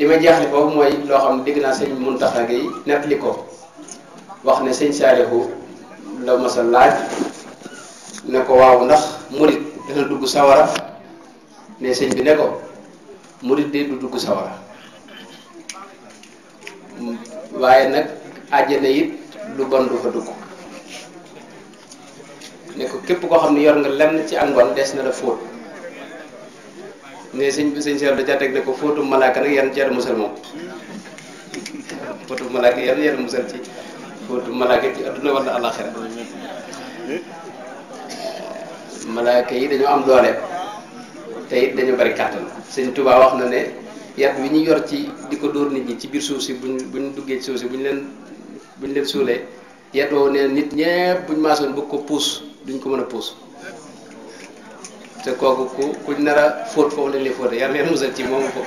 li ma jaaxle foofu mooy loo xam ne dégg naa sëñ Muntaxa Gey nettali ko wax ne sëñ Saalihu la masa laaj ne ko waaw ndax murit dugg sawara sëñ bi ne ko murit de du dugg sawara waaye nag àjjana it lu bon du fa dugg ne ko képp koo xam ne yor nga lenn ci ak ngoon des na la fóot ne sëñ bi sëñ Cheikh da caa teg ne ko malaka malaaka nag yan yàlla musal mom fotu malaka yan yàlla musal ci fotu malaka ci aduna wala alaxira malaka yi dañu am doole te it dañu bari katan sëñ Touba wax na ne yat wi ñu yor ci diko door nit ñi ci bir suuf ci buñ buñ duggee ci suuf ci buñ len buñ len suulee yat ne nit ñepp buñ maasoon bu ko pousse duñ ko mëna pousse te kooku ku kuñ nar a fóot foofu lañ lay fóote yàlla na musal ci moomu